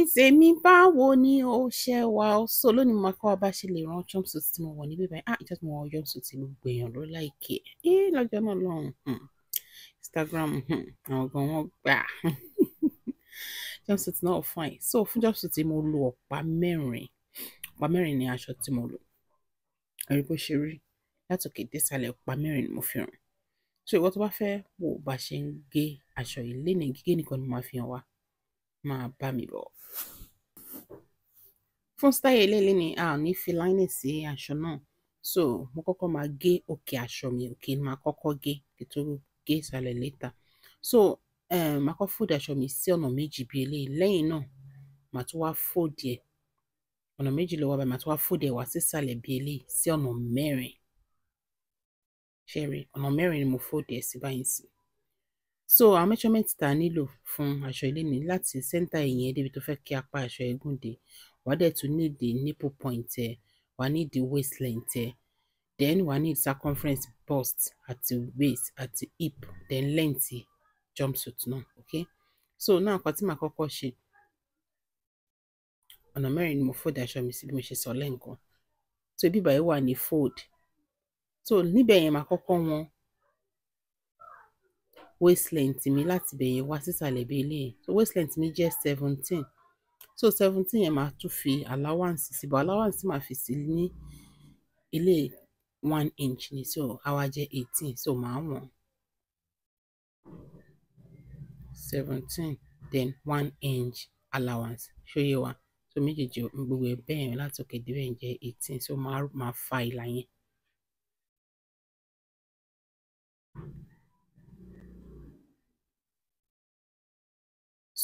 ní tèmi báwo ni ó ṣe wà ó so lónìí mo máa kọ́ wa bá ṣe lè rán jumpsuit tí mo wọ̀ níbí báyìí ah ìjọ́ tí mo wọ̀ jumpsuit tí gbogbo èèyàn ló láìkè é lọ́jọ́ náà lọ́hùn Instagram àwọn gan wọn gbà jumpsuit náà fine so fún jumpsuit tí mo lo ọ̀pá mẹ́rin ọ̀pá mẹ́rin ni aṣọ tí mo lò ẹ̀rí bó ṣe rí látòkè désàlẹ̀ ọ̀pá mẹ́rin ni mo fi rìn so ìwọ tó bá fẹ́ wo bá ṣe ń gé aṣọ ilé ní gígé nìkan ni mo máa fi hàn wá máa bá mi bọ̀ fún sítáì eléyìí ni a ò ní fi láínì sí aṣọ náà so mo kọ́kọ́ máa gé òkè aṣọ mi òkè ni máa kọ́kọ́ gé kí gé ìsàlẹ̀ létà so um, eh, máa kọ́ fòdì aṣọ mi sí ọ̀nà méjì bíi eléyìí lẹ́yìn náà màá tún wá fòdì ẹ̀ ọ̀nà méjì ló wà báyìí màá tún wá fòdì ẹ̀ wá sísàlẹ̀ bíi eléyìí sí ọ̀nà mẹ́rin ṣẹ́rí ọ̀nà mẹ́rin ni mo fòdì ẹ̀ sí báyìí sí so àwọn measurement tá a nílò fún aṣọ ilé ni láti center ẹ̀yìn ẹ̀ débi tó fẹ́ kí apá aṣọ ẹ̀ dé wàá dẹ̀ to need the nipple point ẹ wàá need the waist length ẹ then wàá need circumference bust at the waist at the hip then length jumpsuit náà okay so now nǹkan tí màá kọ́kọ́ ṣe ọ̀nà mẹ́rin ni mo fold aṣọ mi sí bí mo ṣe sọ lẹ́ǹkan so ibi ìbàyẹ̀ wà ní fold so níbẹ̀ yẹn màá kọ́kọ́ wọn waist length mi láti bẹ̀yẹn wá sísàlẹ̀ bí eléyìí so waist length mi jẹ́ seventeen so seventeen yẹn máa tún fi allowance sí but allowance máa fi sí ní ilé one inch ni so àwa jẹ́ eighteen so màá wọ̀n seventeen then one inch allowance ṣóyè wa so méjèèjì gbogbo ẹ̀ bẹ́ẹ̀ yẹn láti òkè débẹ̀ yẹn jẹ́ eighteen so màá máa fa ìlà yẹn.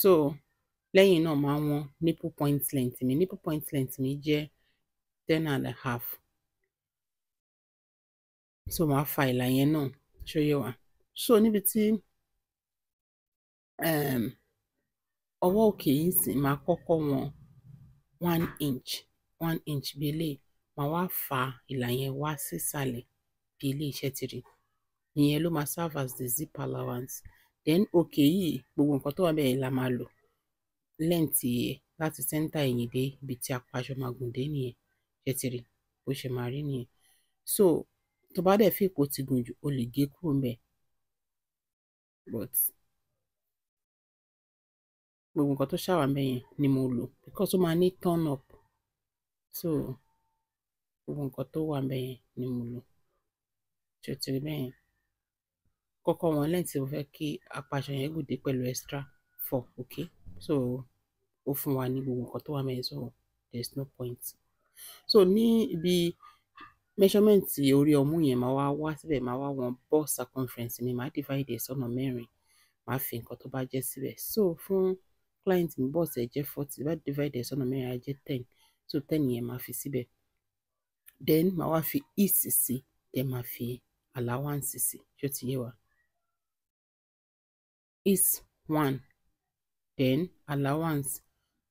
so lẹ́yìn náà màá wọn nipple point length mi nipple point length mi jẹ ten and a half so màá fa ìlà yẹn náà ṣó so níbi tí um, ọwọ́ òkè yìí sì máa kọ́kọ́ wọn one inch one inch bí eléyìí màá wá fa ìlà yẹn wá sísàlẹ̀ bí eléyìí iṣẹ́ ti rí ìyẹn ló máa serve as the zip allowance then òkè gbogbo nǹkan tó wà bẹ́ẹ̀ la lẹ́ǹtì láti sẹ́ńtà ẹ̀yìn dé ibi tí apá aṣọ máa gùn dé nìyẹn ṣé ti rí bó ṣe máa rí nìyẹn so tó bá dẹ̀ fìkó ti gùn jù o lè gé kúrò ń bẹ̀ but gbogbo nǹkan tó ṣàwà mẹ́yẹn ni mo lò because ó máa ní turn up so gbogbo nǹkan tó wà mẹ́yẹn ni mo lò ṣé ti rí mẹ́yẹn kọ́kọ́ wọn lẹ́ǹtì mo fẹ́ kí apá aṣọ yẹn gùn dé pẹ̀lú extra four okay so ó fún wa ní gbogbo nǹkan tó wà mẹ́rin so there is no point so ní ibi measurement orí ọmú yẹn máa wá wá síbẹ̀ máa wá wọn ball circumference mi máa divide ẹ̀ sọ́nà mẹ́rin máa fi nǹkan tó bá jẹ́ síbẹ̀ so fún client mi ball ẹ̀ jẹ́ forty bá divide ẹ̀ sọ́nà mẹ́rin á jẹ́ ten so ten yẹn máa fi síbẹ̀ then máa wá fi east sí then máa fi allowance sí ṣó ti yé wa east one then allowance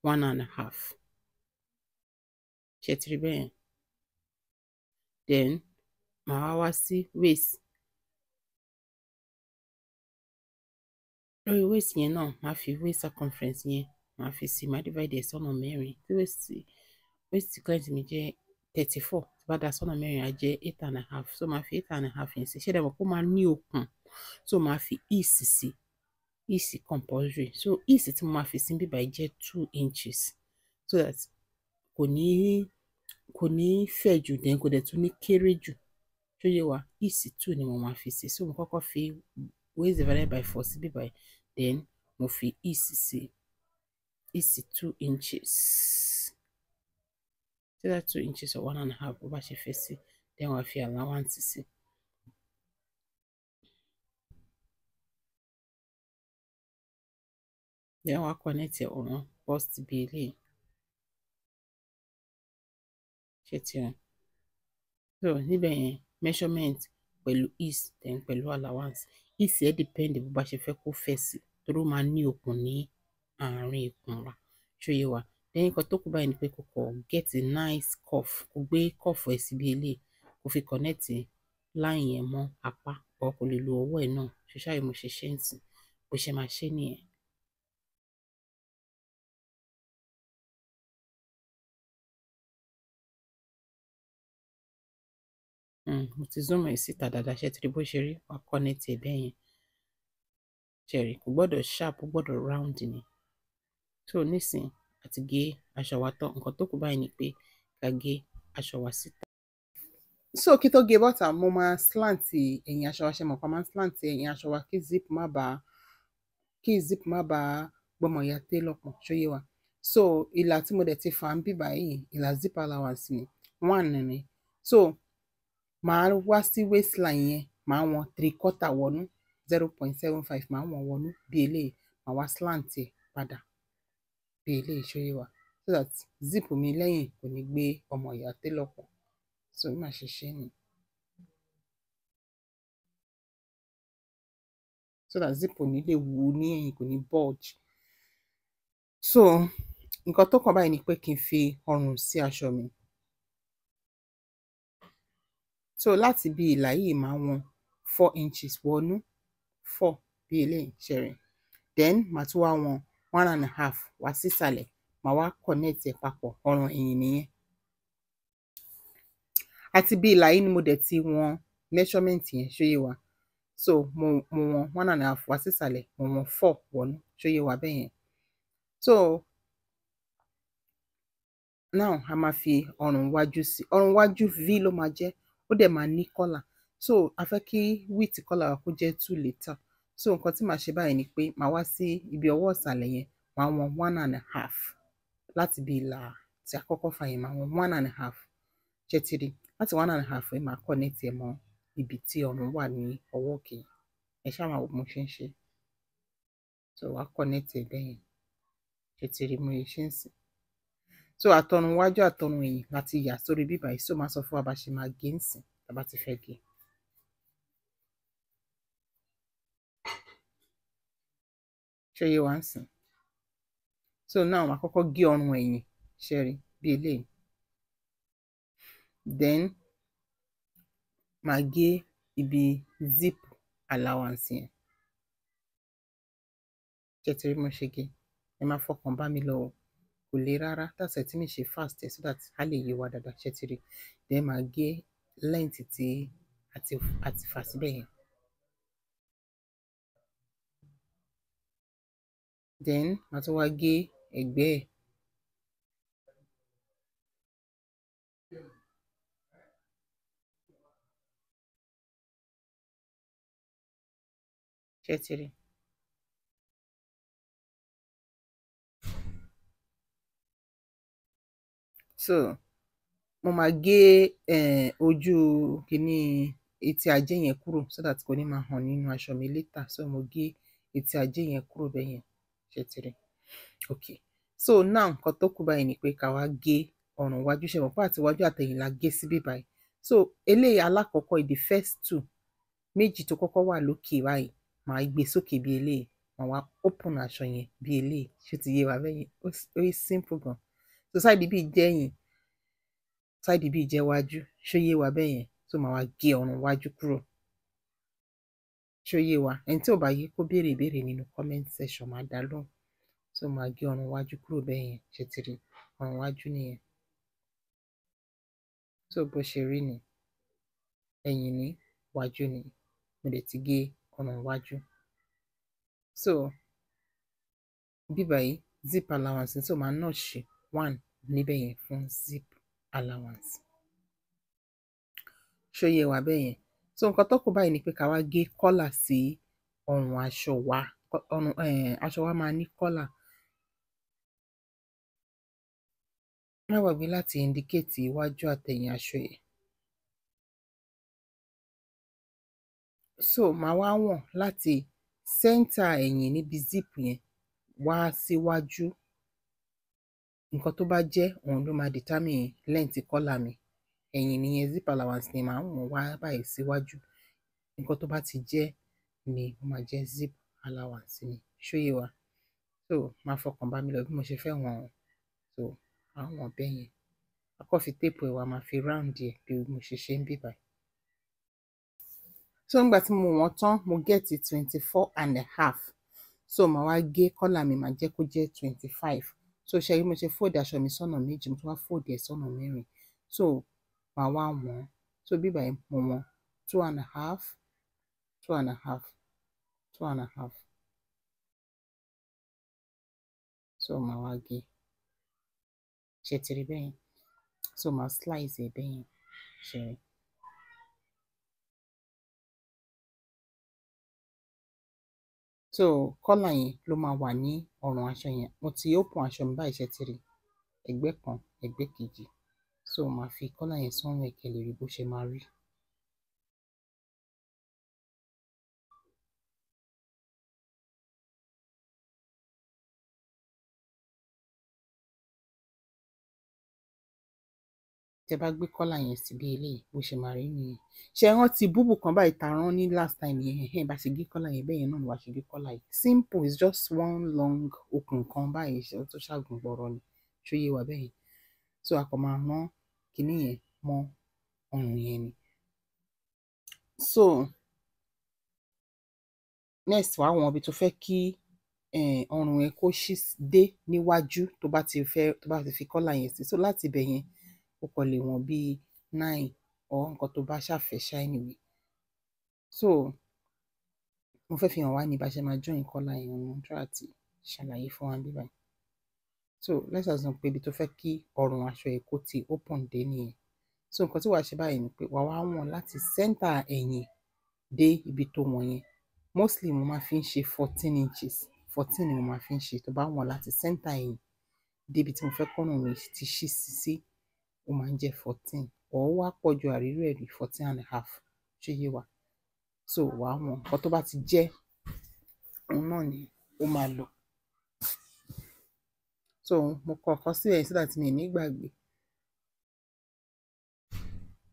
one and a half ṣe ti then màá waste Oh waste yẹn no. màá fi waste circumference yẹn màá fi si my divide son sọ́nà Mary. tí waste waste client me jẹ́ thirty four But bá son sọ́nà Mary I jẹ́ eight and a half so màá fi eight and a half yẹn sí She mọ̀ pé ó máa ní okùn so màá fi ease sí Is compulsory so is tí mo máa fi sí bíbá yìí jẹ́ two inches so that kò ní kò ní fẹ̀ jù then kò dẹ̀ tún ní kéré jù tó yẹ wa east two ni mo máa fi sí so mo kọ́kọ́ fi waist divided by four sí bíbá yìí then mo fi is sí is two inches so that two inches or one and a half bó bá ṣe fẹ́ sí then wàá fi allowance sí. then wàá connect ọ̀run post bí eléyìí ṣe ti hàn so níbẹ̀ yẹn measurement pẹ̀lú ease then pẹ̀lú allowance ease ẹ̀ depend bó bá ṣe fẹ́ kó fẹ̀ sí torí ó máa ní okùn ní àárín ikùn wa ṣó yé wa lẹ́yìn kan tó kù báyìí get a nice cuff kò gbé cuff ẹ̀ síbi eléyìí kò fi connect line yẹn mọ́ apá ọ̀ kò lè lo ọwọ́ ẹ̀ náà ṣe ṣáà mo ṣe ṣe ń Hmm, mo ti zoom ẹ̀ síta dáadáa ṣe ti rí bó ṣe rí wàá ní tiẹ̀ bẹ́ẹ̀ yẹn ṣẹ̀rí kò gbọ́dọ̀ sharp ó gbọ́dọ̀ round ni tó nísìn àti gé aṣọ wa tán nǹkan tó kù báyìí ni pé ká gé aṣọ wa síta. so kí tó gé bọ́tà mo máa slant ẹ̀yìn aṣọ wa ṣe mọ̀ pa máa slant ẹ̀yìn aṣọ wa kí zip má bàa kí zip má bàa gbọmọ ìyá télọ̀ pọ̀ ṣóyé wa so ìlà tí mo dẹ̀ ti fà ń bíbà yìí ìlà zip allowance ni one ni so màá wá sí waistline yẹn màá wọn three quarter wọnú zero point seven five màá wọn wọnú bí eléyìí màá wá slant ẹ̀ padà bí eléyìí ṣóyè wa so that zip mi lẹ́yìn kò ní gbé ọmọ ìyá télọ̀ pọ̀ so má ṣe ṣe nìyẹn. so that zip ní lè wú ní ẹ̀yìn kò ní bulge so nǹkan tó kàn báyìí ni pé kí n fi ọrùn sí aṣọ mi So láti bí ìlà yìí màá wọn 4 inches wọnú four. bí eléyìí ṣe Then màá tún wá wọn one and a half wá sísàlẹ̀ màá wá connect ẹ̀ papọ̀ ọrùn ẹ̀yìn nìyẹn. Àti bí ìlà yìí ni mo dẹ̀ ti wọn measurement yẹn ṣó wa. So mo mo wọn one and a half wá sísàlẹ̀ mo wọn four. wọnú ṣó yé wa bẹ́yẹn. So now a máa fi ọrùn iwájú sí ọrùn iwájú v ló máa jẹ́ ó dẹ̀ máa ní kọ́là. So a fẹ́ kí width kọ́là wa kó jẹ́ two liter So nǹkan tí màá ṣe báyìí ni pé màá wá sí ibi ọwọ́ ìsàlẹ̀ yẹn, màá wọn one and a half láti bí ìlà tí a kọ́kọ́ fà yẹn, màá wọn one and a half ṣe ti Láti one and a half yẹn màá connect ẹ̀ mọ́ ibi tí ọrùn wà ní ọwọ́ òkè yẹn. ṣáà máa wo mo ṣe ń ṣe. So wàá connect ẹ̀ bẹ́yẹn. Ṣé ti mo ṣe ń ṣe? so àtọrùn iwájú àtọrùn ẹ̀yìn láti yà sórí bíbá yìí so máa sọ fún wa bá ṣe máa gé nsìn tá a bá ti fẹ́ gé. E. ṣé yé wa ń sìn so now màá kọ́kọ́ gé ọrùn ẹ̀yìn ṣe rí bí eléyìí then màá gé ibi zip allowance yẹn ṣe ti rí mo ṣe gé e? ẹ má fọkàn bá mi lọ le rárá that's why tí mi ṣe fast so that a lè yé wa dáadáa ṣe ti rí then màá gé lẹ́ǹtì tí a ti fà síbẹ̀ yẹn. then màá tún wá gé ẹ̀gbẹ́ ẹ̀. ṣe ti rí so mo máa gé um ojú kìíní etí ajé yẹn kúrò so that kò ní máa hàn nínú aṣọ mi later so mo gé etí ajé yẹn kúrò bẹ́ẹ̀ yẹn ṣe ti rí ok so now nǹkan tó kù báyìí ni pé ká wá gé ọrùn iwájú ṣe mọ̀ pé àti iwájú àtẹ̀yìn la gé síbí báyìí so eléyìí alákọ̀ọ́kọ́ the first two méjì tó kọ́kọ́ wà lókè báyìí màá gbé sókè bí eléyìí màá wá open aṣọ yẹn bí eléyìí ṣé ti yé wa bẹ́ẹ̀ yẹn ó simple gan society bíi jẹ́yìn Cardi B jẹ́ wájú ṣó yé wa bẹ́ẹ̀ yẹn tó máa wá gé ọrùn wájú kúrò ṣó yé wa ẹni tí ò bá yé kó béèrè ìbéèrè nínú comment section máa dá lóhùn tó máa gé ọrùn wájú kúrò bẹ́ẹ̀ yẹn ṣe ti rí ọrùn wájú nìyẹn tó bó ṣe rí ni ẹ̀yìn ní wájú ni mo lè ti gé ọrùn wájú so bíbá zip allowance tó máa náà ṣe one níbẹ̀ yẹn fún zip allowance ṣó yé wa bẹ́ẹ̀ yẹn so nǹkan tó kù báyìí ni pé ká wá gé kọ́là sí ọrùn aṣọ wa ọrùn aṣọ wa máa ní kọ́là má gbàgbé láti indicate iwájú àtẹ̀yìn aṣọ yìí so màá wá wọ̀n láti center ẹ̀yìn níbi zip yẹn wá síwájú. Si nǹkan tó bá jẹ́ òun ló máa determine length kọ́là mi ẹ̀yìn nìyẹn zip allowance ni màá wọ̀n wá báyìí síwájú nǹkan tó bá ti jẹ́ ni ó máa jẹ́ zip allowance mi ṣóyè wa so máa fọkàn bá mi lọ bí mo ṣe fẹ́ wọ̀n so àwọn bẹ́ẹ̀ yẹn akọ́ fi téèpù ẹ̀ wá máa fi round ẹ̀ bí mo ṣe ṣe ń bì báyìí. so nígbà tí mo wọ̀n tán mo get twenty four and a half so màá wá gé kọ́là mi màá jẹ́ kó jẹ́ twenty five so ṣe rí mo ṣe fold aṣọ mi sọ́nà méjì mo tún wá fold ẹ̀ sọ́nà mẹ́rin so màá wá wọ̀n so bíbà yẹn mo wọ̀n two and a half two and a half two and a half so màá wá gé ṣe tiri so màá slice ẹ̀ bẹ́yẹn ṣe so kọ́là yẹn ló máa wà ní ọrùn aṣọ yẹn mo ti open aṣọ mi báyìí ṣe ti rí ẹgbẹ́ kan ẹgbẹ́ kejì so màá fi kọ́là yẹn sọ́rùn ẹ̀kẹ́ lè rí bó ṣe máa rí. tẹ bá gbé kọ́là yẹn sí bí eléyìí bó ṣe máa rí nìyẹn ṣe rántí búbù kan báyìí ta rán ní last time yẹn ẹ̀hẹ́n bá ṣe gé kọ́là yẹn bẹ́ẹ̀ yẹn náà ni wàá ṣe gé kọ́là yìí simple is just one long okùn kan báyìí ṣe tó ṣàgùn gbọ̀rọ̀ ni ṣóyè wà bẹ́ẹ̀ yẹn so a kò máa rán kinní yẹn mọ́ ọrùn yẹn ni so next wàá wọn ibi tó fẹ́ kí eh, ọrùn yẹn kó ṣí dé níwájú tó bá ti fẹ́ tó bá ti fi kọ́là yẹn sí so láti ibẹ̀ yẹn o kò lè wọ̀n bíi nine or nǹkan tó bá ṣàfẹ́ ṣá anyway so mo fẹ́ fi hàn wá ní bá ṣe máa join kọ́là yẹn mo ń try àti ṣàlàyé fún wa bíbá yìí so let's assume pé ibi tó fẹ́ kí ọrùn aṣọ yẹn kó ti open dé nìyẹn so nǹkan tí wàá ṣe báyìí ni pé wàá wá wọ̀n láti center ẹ̀yìn dé ibi tó wọ̀n yẹn mostly mo máa fi ń ṣe fourteen inches fourteen ni mo máa fi ń ṣe tó bá wọ̀n láti center ẹ̀yìn débi tí mo fẹ́ kọ́nà mi ti ṣí sí sí ó máa ń jẹ́ fourteen ọ̀ wá pọ̀ ju àrírò ẹ̀ rí fourteen and a half ṣé yé wa so wàá wọn nǹkan tó bá ti jẹ́ òun náà ni ó máa lọ so mo kọ ọ̀kan sílẹ̀ so that mi ò ní gbàgbé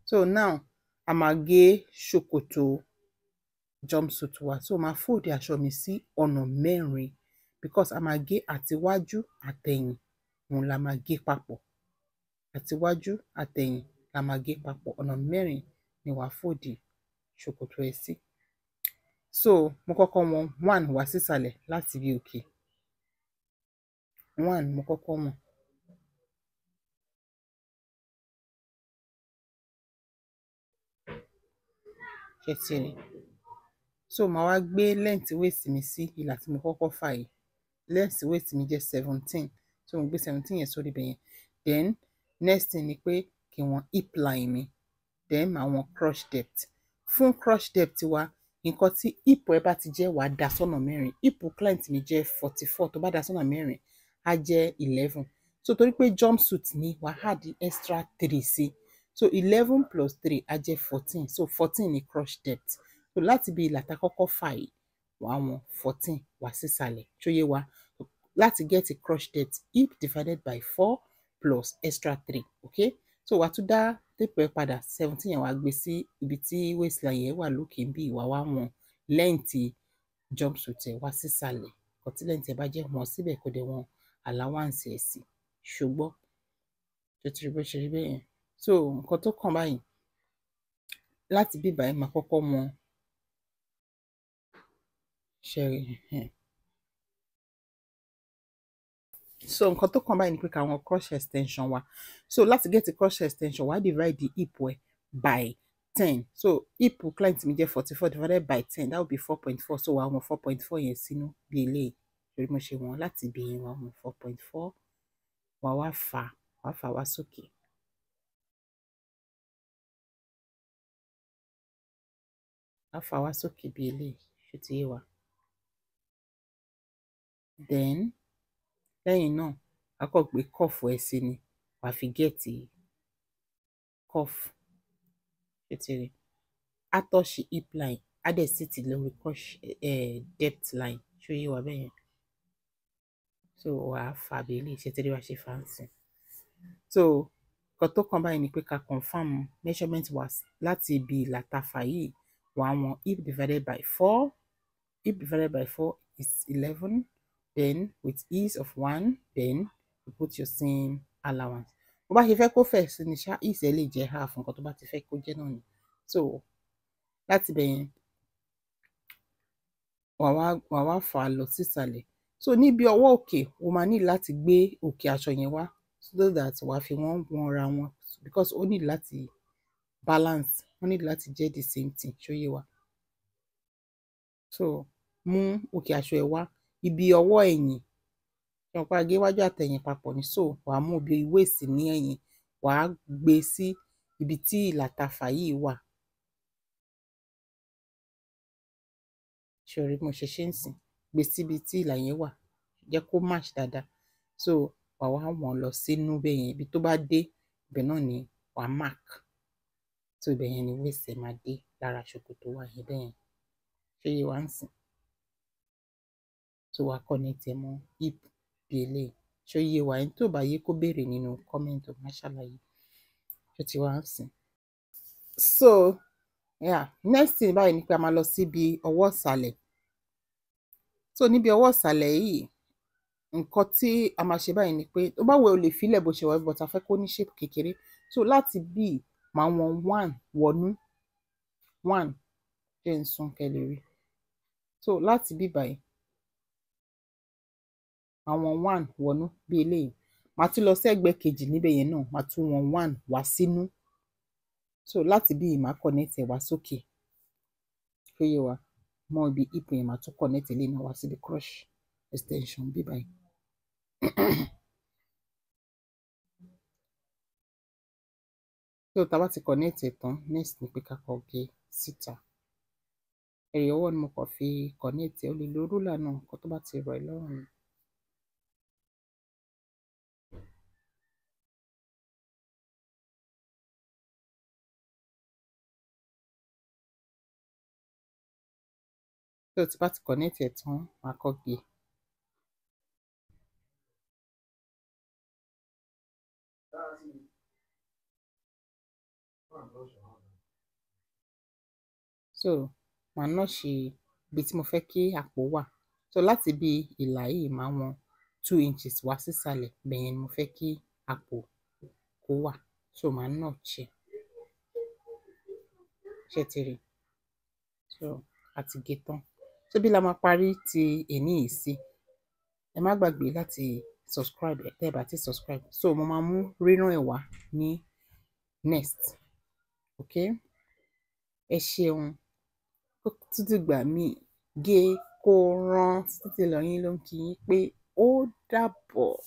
so now a máa gé ṣòkòtò jumpsuit wa so máa fold aṣọ mi sí ọ̀nà mẹ́rin because a máa gé àtiwájú àtẹ̀yìn òun la máa gé papọ̀ Àtiwájú àtẹ̀yìn la máa gé papọ̀, ọ̀nà mẹ́rin ni wà á ṣòkòtò ẹ sí. So mo kọ́kọ́ wọn 1 wá sísàlẹ̀ láti ibi òkè. 1 mo kọ́kọ́ wọn. Ṣé So màá wá gbé length waist mi sí ìlà tí mo kọ́kọ́ fà yìí. Length waist mi jẹ́ 17. So mo gbé 17 yẹn sórí ibẹ̀ yẹn. Then next thing ni pé kí wọ́n hipline mi then màá crush depth fún crush depth wa nǹkan tí hip ẹ bá ti jẹ́ wàá dá sọ́nà mẹ́rin hip client mi jẹ́ forty four tó bá dá sọ́nà mẹ́rin á jẹ́ eleven so torí pé jumpsuit ni wàá add extra three sí so eleven plus three á jẹ́ fourteen so fourteen ni crush depth so láti bí ìlà tá kọ́kọ́ fà yìí wàá wọn fourteen wá sísàlẹ̀ tó yé wa láti get a crush depth hip divided by four plus extra three okay so wàá tún dá tape ẹ padà seventeen yẹn wàá gbé sí ibi tí waistline yẹn wà lókè bí ìwà wá wọn lẹ́ǹtì jumpsuit ẹ wá sísàlẹ̀ ọtí lẹ́ǹtì ẹ bá jẹ́ wọn síbẹ̀ kó dé wọn allowance ẹ̀ sí ṣùgbọ́n tó ti rí bó ṣe rí bẹ́ẹ̀ so nǹkan tó kàn báyìí láti bíbá ẹ máa kọ́kọ́ mọ ṣẹ́rí so nǹkan tó kàn báyìí ni pé káwọn cross extension wa so láti get cross extension wa divide the hip ẹ by ten so hip client mi jẹ́ forty four divided by ten that would be four point four so wàá wọn four point four yẹn sínú bí eléyìí torí mo ṣe wọn láti ibi yẹn wàá wọn four point four wàá wá fà wàá fà wá sókè. wàá fà wá sókè bí ṣe ti yé wa then lẹ́yìn náà wàá kàn gbé kọ́ọ̀fù ẹ sí ni wàá fi gẹ́ẹ̀tì kọ́ọ̀fù ṣètìrì atọ́ṣì hip line adẹ́sìtì lórí depth line ṣó yé wa bẹ́ẹ̀ yẹn so wàá fà bẹ́ẹ̀lì ṣètìrì wàá ṣe fáǹsì so nǹkan tó kàn báyìí ni pé ká confam measurement wa láti ibi ìlà tá a fà yìí wàá wọn hip divided by four hip divided by four is eleven then with ease of one then you put your same allowance bó bá ṣe fẹ́ kó fẹ̀ sí ni ṣá ease ẹ lè jẹ́ half nǹkan tó bá ti fẹ́ kó jẹ́ náà ni so láti bẹ̀yẹn wà wá fà á lọ sísàlẹ̀ so níbi ọwọ́ òkè o máa ní láti gbé òkè aṣọ yẹn wá so that wàá fi wọ́n wọ́n ra wọn because ó ní láti balance wọ́n ní láti jẹ́ the same thing ṣó yé wa so mú òkè aṣọ ẹ wá ibi ọwọ́ ẹ̀yìn ṣọ̀pá gé iwájú àtẹ̀yìn papọ̀ ní so wàá mú ibi wéèsì ní ẹ̀yìn wàá gbé e sí ibi tí ìlàtàfà yìí wà. ṣòrí mo ṣe ṣe ń sìn gbé e síbi tí ìlà yẹn wà jẹ́ kó match dáadáa so wàá wá wọ̀n lọ sínú bẹ́yẹn ibi tó bá dé ibẹ̀ náà ni wàá mark so ibẹ̀ yẹn ni wéèsì máa dé lára ṣòkòtò wa yẹn bẹ́yẹn ṣé yé wa ń sìn tó wá kọ́ ní tẹ̀mọ́ hip bí eléyìí ṣó yé wa ẹni tó bá yé kó béèrè nínú kọ́mẹ́ǹtì ọ̀gá ṣàlàyé ṣó ti wá ń sìn. so yeah, next thing báyìí ni pé a máa lọ síbi ọwọ́ ìsàlẹ̀ so níbi ọwọ́ ìsàlẹ̀ yìí nǹkan tí a máa ṣe báyìí ni pé tó bá wẹ̀ o lè filẹ̀ bó ṣe wà but a fẹ́ kó ní shape kékeré so láti bí màá wọn one wọnú one jẹ́ n sún so láti bí báyìí àwọn one wọnú bí eléyìí màá tún lọ sẹ́gbẹ̀ẹ́ kejì níbẹ̀ yẹn náà màá tún wọn one wá sínú so láti bí yìí màá connect ẹ̀ wá sókè ó wa mọ ibi hip yẹn màá tún connect ẹ̀ lẹ́nu wá síbi crush extension bí báyìí. so tá a bá ti connect ẹ̀ tán next ni pé ká kọ gé síta ẹ̀rì ni mo kàn fi connect ẹ̀ ó lè lo rúlà náà nǹkan tó bá ti rọ̀ ẹ́ lọ́rùn ni. so tí bá ti connect ẹ̀ tán màá kọ́ gé. so màá náà ṣe ibi tí mo fẹ́ kí àpò wà so láti bí ìlà yìí máa wọn two inches wá sísàlẹ̀ bẹ́ẹ̀ yẹn ni mo fẹ́ kí àpò kó wà so màá náà ṣe ṣe ti rí so àti gé tán so la máa parí ti èní yìí sí ẹ má gbàgbé láti subscribe ẹ tẹ́ bá ti subscribe so mo máa mú rírán ẹ̀ wá ní next ok ẹ ṣeun títí gbà mí gé kó rán títí lọ́yìn ló ń kí yín pé ó dàbọ̀.